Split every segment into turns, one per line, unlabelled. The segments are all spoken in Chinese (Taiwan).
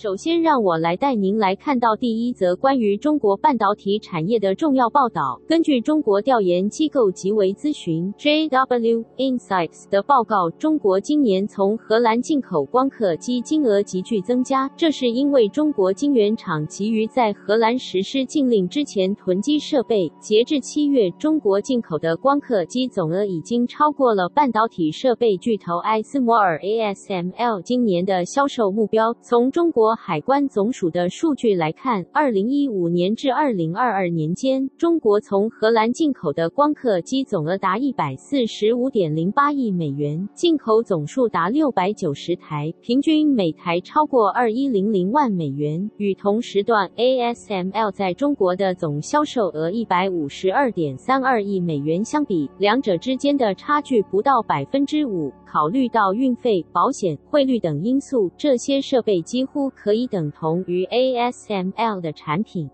首先，讓我來帶您來看到第一則關於中國半導體產業的重要報道。根據中國調研機構極維諮詢 （JW Insights） 的報告，中國今年從荷蘭進口光刻機金額急劇增加，這是因為中國晶圓廠急於在荷蘭實施禁令之前囤積設備。截至七月，中國進口的光刻機總額已經超過了半導體設備巨頭埃斯摩爾 （ASML） 今年的銷售目標。從中國。中國海關總署的數據來看，二零一五年至二零二二年間，中國從荷蘭進口的光刻機總額達一百四十五點零八億美元，進口總數達六百九十台，平均每台超過二一零零萬美元。與同時段 ASML 在中國的總銷售額一百五十二點三二億美元相比，兩者之間的差距不到百分之五。考慮到運費、保險、匯率等因素，這些設備幾乎。可以等同於 ASML 的產品。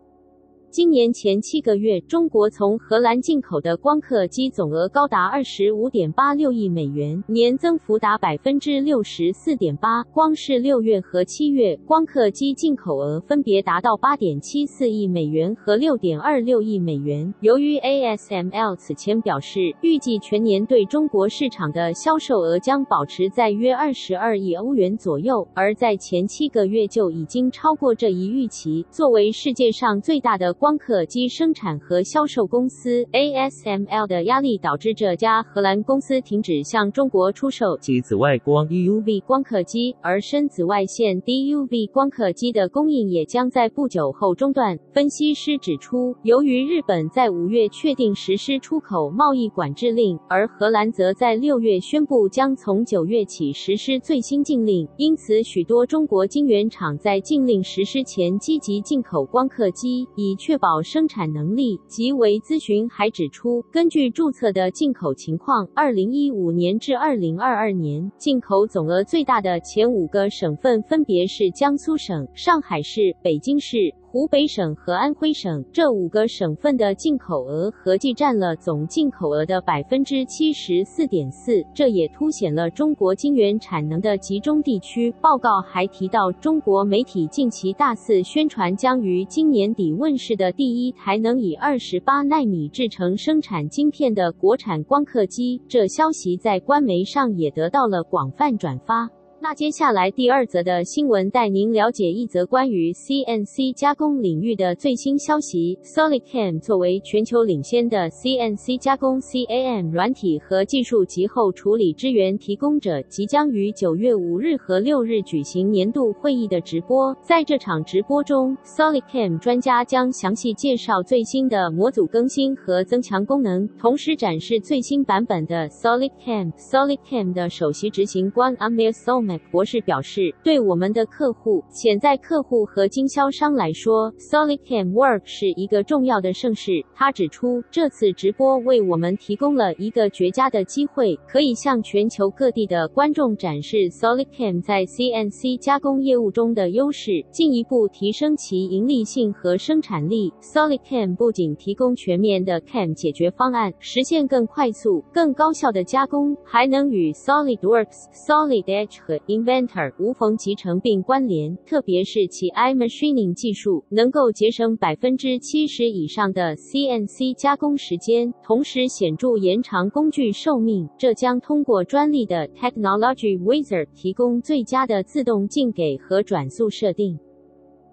今年前七個月，中國從荷蘭進口的光刻機總額高達二十五點八六億美元，年增幅達百分之六十四點八。光是六月和七月，光刻機進口額分別達到八點七四億美元和六點二六億美元。由於 ASML 此前表示，預計全年對中國市場的銷售額將保持在約二十二億歐元左右，而在前七個月就已經超過這一預期。作為世界上最大的，光刻機生產和銷售公司 ASML 的壓力，導致這家荷蘭公司停止向中國出售及紫外光 u v 光刻機，而深紫外線 （DUV） 光刻機的供應也將在不久後中斷。分析師指出，由於日本在五月確定實施出口貿易管制令，而荷蘭則在六月宣布將從九月起實施最新禁令，因此許多中國晶圓廠在禁令實施前積極進口光刻機，以確。確保生產能力。集微諮詢還指出，根據註冊的進口情況，2015年至2022年進口總額最大的前五個省份分別是江蘇省、上海市、北京市、湖北省和安徽省這五個省份的進口額合計占了總進口額的百分之七十四點四，這也凸顯了中國晶圓產能的集中地區。報告還提到，中國媒體近期大肆宣傳將於今年底問世的第一台能以二十八納米製程生產晶片的國產光刻機，這消息在官媒上也得到了廣泛轉發。那接下來第二則的新聞，帶您了解一則關於 CNC 加工領域的最新消息。SolidCAM 作為全球領先的 CNC 加工 CAM 軟體和技術及後處理支援提供者，即將於九月五日和六日舉行年度會議的直播。在這場直播中，SolidCAM 專家將詳細介紹最新的模組更新和增強功能，同時展示最新版本的 SolidCAM。SolidCAM 的首席執行官 Amir Somer 博士表示，對我們的客戶、潛在客戶和經銷商來說，SolidCAM World 是一個重要的盛事。他指出，這次直播為我們提供了一個絕佳的機會，可以向全球各地的觀眾展示 SolidCAM 在 CNC 加工業務中的優勢，進一步提升其盈利性和生產力。SolidCAM 不僅提供全面的 CAM 解決方案，實現更快速、更高效的加工，還能與 SolidWorks、Solid Edge 和 Inventor 無縫集成並關聯，特別是其 iMachining 技術能夠節省百分之七十以上的 CNC 加工時間，同時顯著延長工具壽命。這將通過專利的 Technology Wizard 提供最佳的自動進給和轉速設定。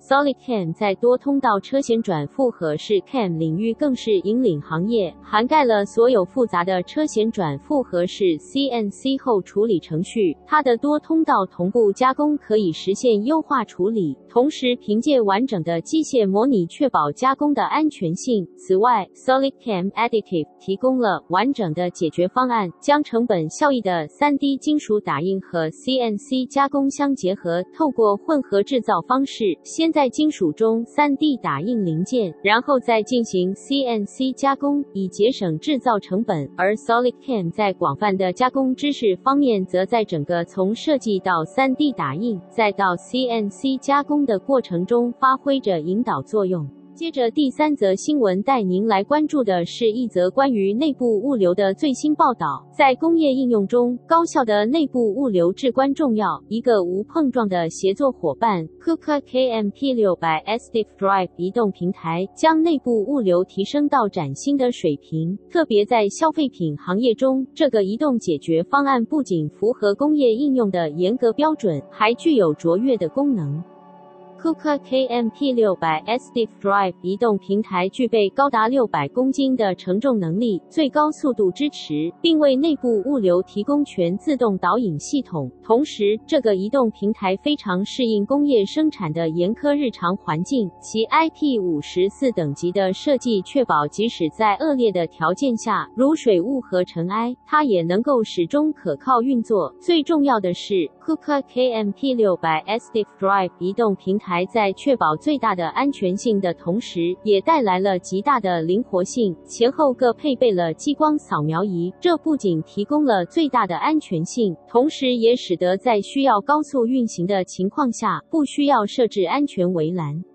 SolidCAM 在多通道車銑轉複合式 CAM 領域更是引領行業，涵蓋了所有複雜的車銑轉複合式 CNC 後處理程序。它的多通道同步加工可以實現優化處理，同時憑借完整的機械模擬確保加工的安全性。此外，SolidCAM Additive 提供了完整的解決方案，將成本效益的 3D 金屬打印和 CNC 加工相結合，透過混合制造方式先。在金屬中，3D 打印零件，然後再進行 CNC 加工，以節省制造成本。而 SolidCAM 在廣泛的加工知識方面，則在整個從設計到 3D 打印，再到 CNC 加工的過程中發揮着引導作用。接着第三則新聞，帶您來關注的是一則關於內部物流的最新報道。在工業應用中，高效的內部物流至關重要。一個無碰撞的協作夥伴，KUKA KMP 六百 S diffDrive 移動平台，將內部物流提升到嶄新的水平。特別在消費品行業中，這個移動解決方案不僅符合工業應用的嚴格標準，還具有卓越的功能。KUKA KMP 600-S diffDrive 移動平台具備高達600公斤的承重能力，最高速度支持，並為內部物流提供全自動導引系統。同時，這個移動平台非常適應工業生產的嚴苛日常環境，其 IP 54等級的設計確保即使在惡劣的條件下，如水霧和塵埃，它也能夠始終可靠運作。最重要的是，KUKA KMP 600-S diffDrive 移動平台。還在確保最大的安全性的同時，也帶來了極大的靈活性。前後各配備了激光掃描儀，這不僅提供了最大的安全性，同時也使得在需要高速運行的情況下，不需要設置安全圍欄。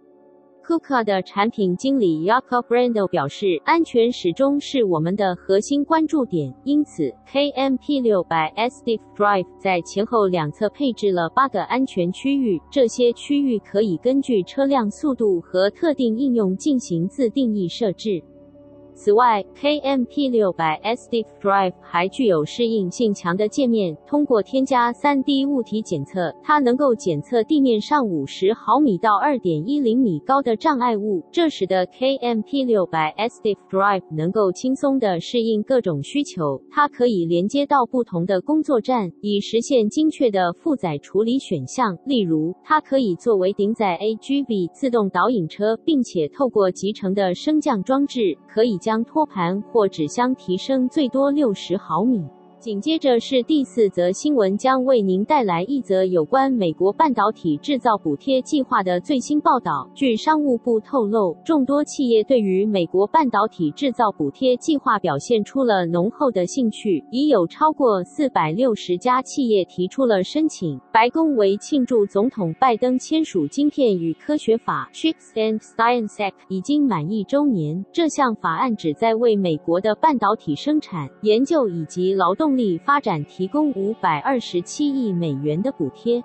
KUKA 的產品經理 Yakov Brando 表示：“安全始終是我們的核心關注點，因此 KMP 600-S diffDrive 在前後兩側配置了八個安全區域，這些區域可以根據車輛速度和特定應用進行自定義設置。”此外，KMP 六百 S diffDrive 還具有適應性強的界面。通過添加 3D 物體檢測，它能夠檢測地面上五十毫米到二點一厘米高的障礙物，這使得 KMP 六百 S diffDrive 能夠輕鬆地適應各種需求。它可以連接到不同的工作站，以實現精確的負載處理選項。例如，它可以作為頂載 AGV 自動導引車，並且透過集成的升降裝置可以。將托盤或紙箱提升最多六十毫米。緊接着是第四則新聞，將為您帶來一則有關美國半導體制造補貼計劃的最新報道。據商務部透露，眾多企業對於美國半導體制造補貼計劃表現出了濃厚的興趣，已有超過四百六十家企業提出了申請。白宮為慶祝總統拜登簽署《晶片與科學法 s h i p s and Science Act） 已經滿一周年，這項法案旨在為美國的半導體生產、研究以及勞動。動力發展提供五百二十七億美元的補貼。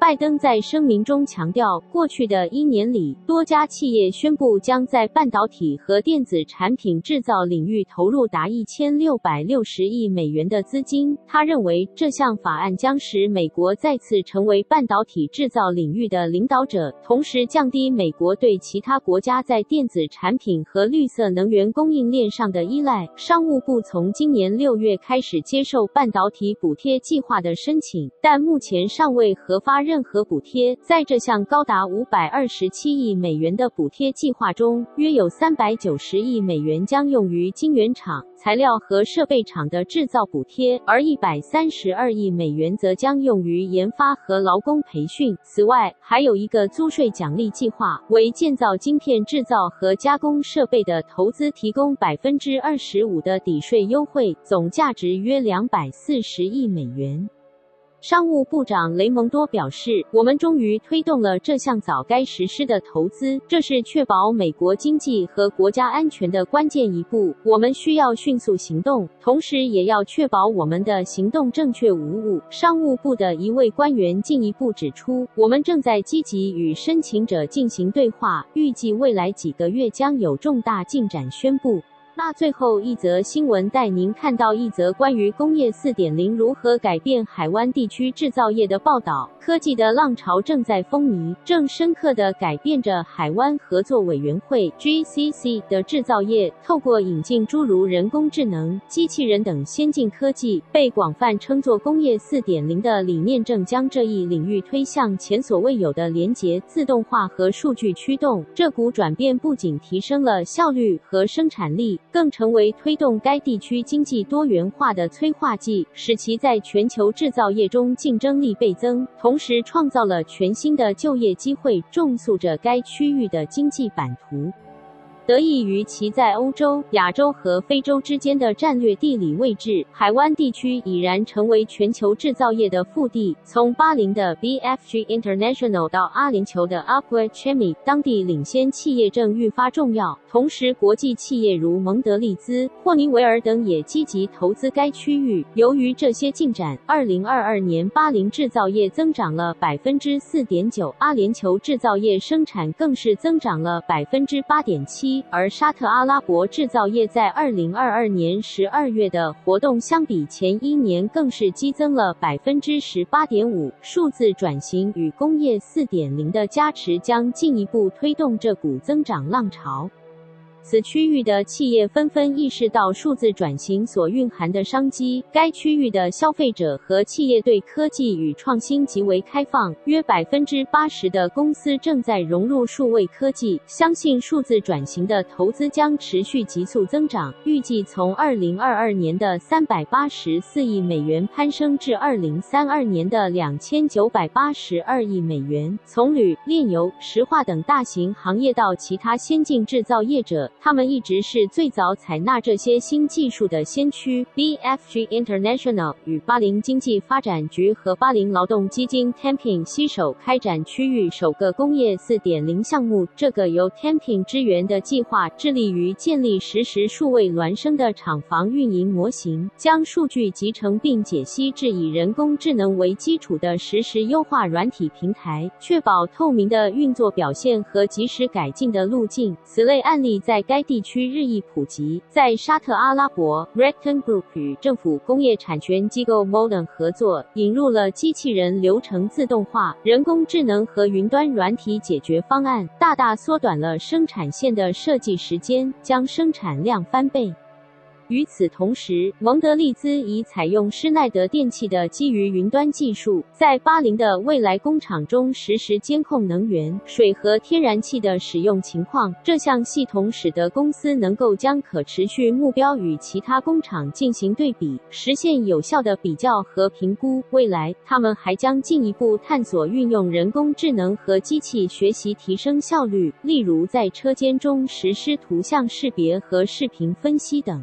拜登在聲明中強調，過去的一年裡，多家企業宣布將在半導體和電子產品製造領域投入達一千六百六十億美元的資金。他認為，這項法案將使美國再次成為半導體製造領域的領導者，同時降低美國對其他國家在電子產品和綠色能源供應鏈上的依賴。商務部從今年六月開始接受半導體補貼計劃的申請，但目前尚未核發。任何補貼，在這項高達五百二十七億美元的補貼計劃中，約有三百九十億美元將用於晶圓廠、材料和設備廠的製造補貼，而一百三十二億美元則將用於研發和勞工培訓。此外，還有一個租稅獎勵計劃，為建造晶片製造和加工設備的投資提供百分之二十五的抵稅優惠，總價值約兩百四十億美元。商務部長雷蒙多表示：“我們終於推動了這項早該實施的投資，這是確保美國經濟和國家安全的關鍵一步。我們需要迅速行動，同時也要確保我們的行動正確無誤。”商務部的一位官員進一步指出：“我們正在積極與申請者進行對話，預計未來幾個月將有重大進展宣布。”那最後一則新聞帶您看到一則關於工業四點零如何改變海灣地區制造業的報道。科技的浪潮正在風靡，正深刻地改變着海灣合作委員會 GCC 的制造業。透過引進諸如人工智能、機器人等先進科技，被廣泛稱作工業四點零的理念，正將這一領域推向前所未有的連接、自動化和數據驅動。這股轉變不僅提升了效率和生產力。更成為推動該地區經濟多元化的催化劑，使其在全球製造業中競爭力倍增，同時創造了全新的就業機會，重塑着該區域的經濟版圖。得益於其在歐洲、亞洲和非洲之間的戰略地理位置，海灣地區已然成為全球制造業的腹地。從巴林的 BFG International 到阿聯酋的 Aqua Chemie，當地領先企業正愈發重要。同時，國際企業如蒙德利茲、霍尼韋爾等也積極投資該區域。由於這些進展，2022年巴林制造業增長了4.9%，阿聯酋制造業生產更是增長了8.7%。而沙特阿拉伯制造業在二零二二年十二月的活動相比前一年更是激增了百分之十八點五，數字轉型與工業四點零的加持將進一步推動這股增長浪潮。此區域的企業紛紛意識到數字轉型所蘊含的商機。該區域的消費者和企業對科技與創新極為開放，約百分之八十的公司正在融入數位科技。相信數字轉型的投資將持續急速增長，預計從二零二二年的三百八十四億美元攀升至二零三二年的兩千九百八十二億美元。從鋁、煉油、石化等大型行業到其他先進製造業者。他們一直是最早採納這些新技術的先驅。BFG International 與巴林經濟發展局和巴林勞動基金 Tamping 攜手開展區域首個工業4.0項目。這個由 Tamping 支援的計劃致力於建立實時數位孿生的廠房運營模型，將數據集成並解析至以人工智能為基礎的實時優化軟體平台，確保透明的運作表現和及時改進的路徑。此類案例在該地區日益普及。在沙特阿拉伯，Recton Group 與政府工業產權機構 Modern 合作，引入了機器人流程自動化、人工智能和雲端軟體解決方案，大大縮短了生產線的設計時間，將生產量翻倍。與此同時，蒙德利茲已採用施耐德電氣的基於雲端技術，在巴林的未來工廠中實時監控能源、水和天然氣的使用情況。這項系統使得公司能夠將可持續目標與其他工廠進行對比，實現有效的比較和評估。未來，他們還將進一步探索運用人工智能和機器學習提升效率，例如在車間中實施圖像識別和視頻分析等。